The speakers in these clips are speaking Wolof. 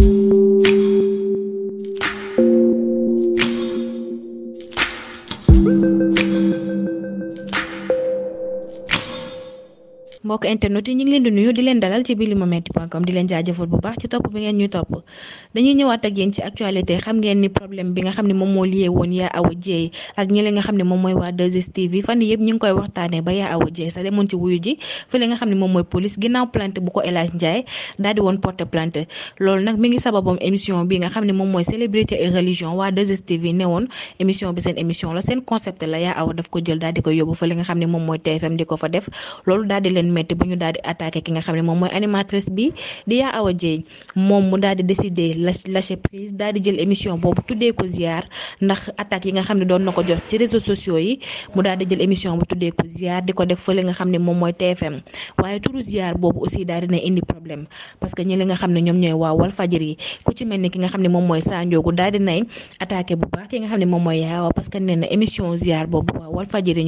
you. mbokk internet yi ñu ngi leen di nuyu di leen dalal ci biir limametti.com di leen jaajëfal bu baax ci topp bi ngeen ñuy topp dañuy ñëwaat ak ci actualité xam ngeen ni problème bi nga xam ne moom moo liyee woon Yaa Awa Dieye ak ñi nga xam ne mooy waa 2STV fan yëpp police ginnaaw plainte bu ko El Hadj Ndiaye daal di woon porter plainte loolu nag mi ngi sababoom émission bi nga xam ne moom mooy célébrité et religion waa 2STV ne woon émission bi seen émission la seen concept la Yaa Awa daf ko jël daal ko yóbbu ne moom mooy TFM di ko fa leen métti ba ñu daal di attaqué ki nga xam ne moom mooy animatrice bi di Yaa Awa Dieng moom mu daal décider lâcher prise daal jël émission boobu tuddee ko yi nga xam ne doon na ko jot ci réseaux sociaux yi mu daal di jël émission bu tuddee ko ziar def fële nga xam ne moom mooy TFM waaye turu ziar boobu aussi daal dina indi problème parce ñi li nga xam ne ñoom ñooy waa Walfadjri yi ku ci mel ni ki nga xam ne moom mooy Sa Ndiogou daal di nay attaqué bu baax ki nga xam ne moom mooy Yaa Awa parce émission ziar boobu waa Walfadjri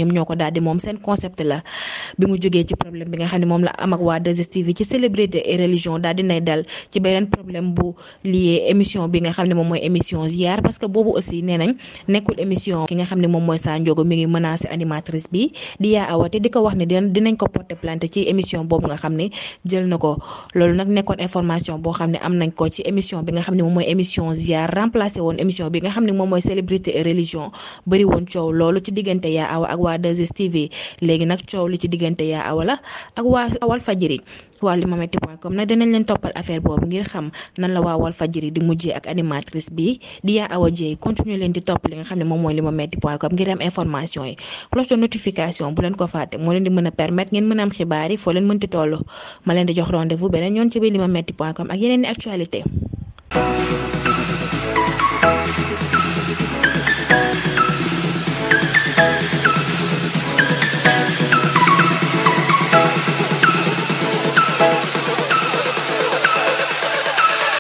bi nga xam ne moom la am ak waa 2STV ci célébrité et religion daal dinay dal ci beneen problème bu lié émission bi nga xam ne moom mooy émission ziar parce que boobu aussi nee nañ nekkul émission ki nga xam ne moom mooy Sa Ndiogou mi ngi menacé animatrice bi di yaa awate wax ne dinañ dinañ ko porter plainte ci émission boobu nga xam ne jël na ko loolu nag nekkoon information boo xam ne am nañ ko ci émission bi nga xam ne moom mooy émission ziar remplacé woon émission bi nga xam ne moom mooy célébrité et religion bëri woon coow loolu ci diggante yaa awa ak waa 2STV léegi nag coow li ci diggante ya awa la ak waa Walfadjri waa limametti point com na dinañ leen toppal affaire boobu ngir xam nan la waa Walfadjri di mujjee ak animatrice bi di Yaa Awa Dieye continuer leen di topp li nga xam ne moom mooy limametti point com ngir am information yi cloche de notification bu leen ko fàtte moo leen di mën a permettre ngeen mën a am xibaar yi foo leen mënti toll ma leen di jox rendez-vous beneen yoon ci biir limametti point com ak yeneen i actualité